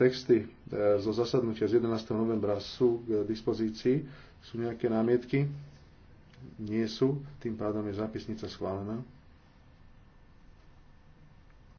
texty e, zo zasadnutia z 11. novembra sú k dispozícii. Sú nejaké námietky? Nie sú. Tým pádom je zápisnica schválená.